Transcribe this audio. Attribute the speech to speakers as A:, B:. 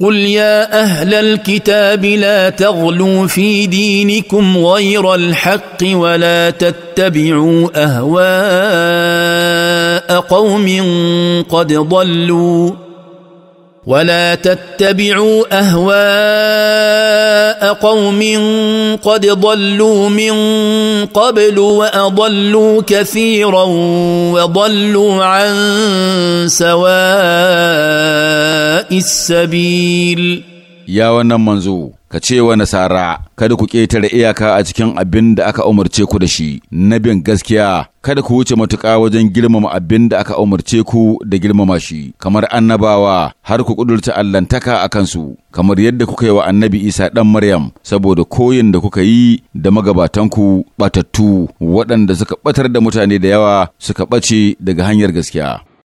A: قل يا اهل الكتاب لا تغلوا في دينكم غير الحق ولا تتبعوا اهواء قوم قد ضلوا ولا تتبعوا اهواء قوم قد ضلوا من قبل واضلوا كثيرا وضلوا عن سواء السبيل
B: يا wannan manzo ka ce wa nasara kada ku ƙetare iyaka a cikin abin da aka umarce ku da shi na bin gaskiya kada ku wuce matuƙa wajen girmama abin da aka umarce ku da girmama shi kamar annabawa har ku ƙudurta allantaka a kansu kamar yadda kuka yi wa annabi isa ɗan maryam saboda koyin da kuka yi da magabatanku ɓatattu waɗanda suka ɓatar da mutane da yawa suka ɓace daga
C: hanyar gaskiya